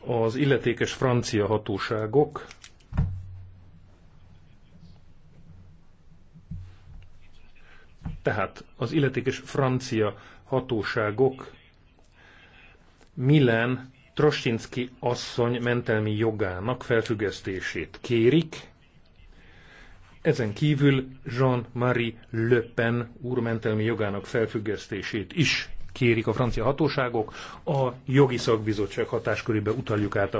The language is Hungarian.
Az illetékes francia hatóságok tehát az illetékes francia hatóságok Milán Trostinski asszony mentelmi jogának felfüggesztését kérik. Ezen kívül Jean-Marie Le Pen úr mentelmi jogának felfüggesztését is kérik a francia hatóságok, a jogi szakbizottság hatáskörébe utaljuk át a